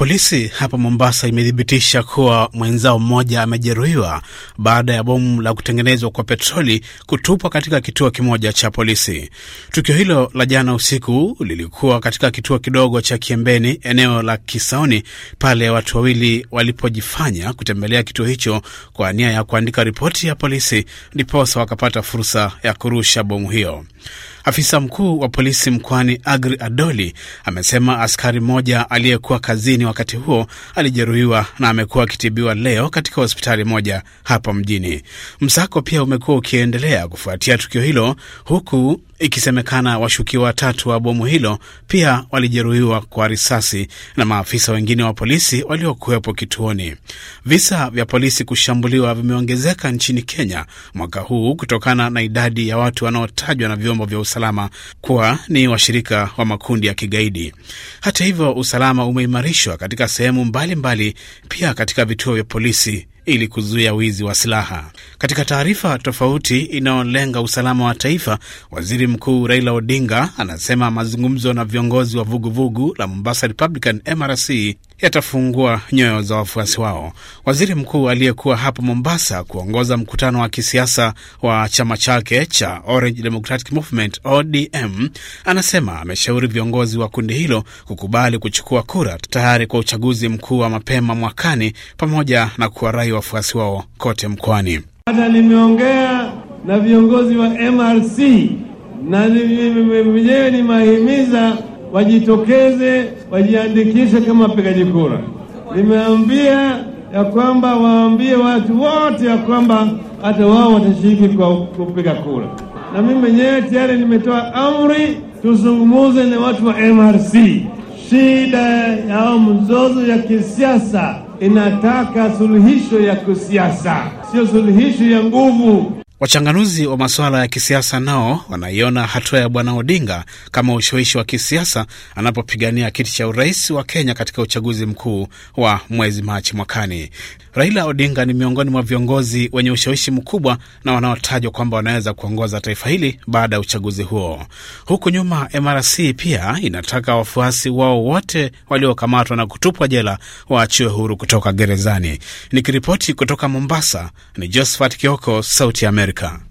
Polisi hapa Mombasa imethibitisha kuwa mwenzao mmoja amejeruhiwa baada ya bomu la kutengenezwa kwa petroli kutupwa katika kituo kimoja cha polisi. Tukio hilo la jana usiku lilikuwa katika kituo kidogo cha Kiembeni, eneo la Kisaoni, pale watu wawili walipojifanya kutembelea kituo hicho kwa nia ya kuandika ripoti ya polisi, ndiposa wakapata fursa ya kurusha bomu hiyo. Afisa mkuu wa polisi mkoani Agri Adoli amesema askari mmoja aliyekuwa kazini wakati huo alijeruhiwa na amekuwa akitibiwa leo katika hospitali moja hapa mjini. Msako pia umekuwa ukiendelea kufuatia tukio hilo, huku ikisemekana washukiwa watatu wa bomu hilo pia walijeruhiwa kwa risasi na maafisa wengine wa polisi waliokuwepo kituoni. Visa vya polisi kushambuliwa vimeongezeka nchini Kenya mwaka huu kutokana na idadi ya watu wanaotajwa na vyombo vya usalama kuwa ni washirika wa makundi ya kigaidi. Hata hivyo, usalama umeimarishwa katika sehemu mbalimbali mbali, pia katika vituo vya polisi ili kuzuia wizi wa silaha. Katika taarifa tofauti inayolenga usalama wa taifa, waziri mkuu Raila Odinga anasema mazungumzo na viongozi wa vuguvugu vugu la Mombasa Republican MRC yatafungua nyoyo za wafuasi wao. Waziri mkuu aliyekuwa hapo Mombasa kuongoza mkutano wa kisiasa wa chama chake cha Orange Democratic Movement ODM anasema ameshauri viongozi wa kundi hilo kukubali kuchukua kura tayari kwa uchaguzi mkuu wa mapema mwakani, pamoja na kuwarai wafuasi wao kote mkoani. Hata nimeongea na viongozi wa MRC na mwenyewe nimahimiza wajitokeze wajiandikishe kama wapigaji kura. Nimeambia ya kwamba waambie watu wote ya kwamba hata wao watashiriki kwa kupiga kura, na mimi mwenyewe tayari nimetoa amri tuzungumuze na watu wa MRC. Shida ya mzozo ya kisiasa inataka suluhisho ya kisiasa, sio suluhisho ya nguvu. Wachanganuzi wa masuala ya kisiasa nao wanaiona hatua ya Bwana Odinga kama ushawishi wa kisiasa anapopigania kiti cha urais wa Kenya katika uchaguzi mkuu wa mwezi Machi mwakani. Raila Odinga ni miongoni mwa viongozi wenye ushawishi mkubwa na wanaotajwa kwamba wanaweza kuongoza taifa hili baada ya uchaguzi huo. Huku nyuma, MRC pia inataka wafuasi wao wote waliokamatwa na kutupwa jela waachiwe huru kutoka gerezani. Nikiripoti kutoka Mombasa ni Josephat Kioko, Sauti ya Amerika. car.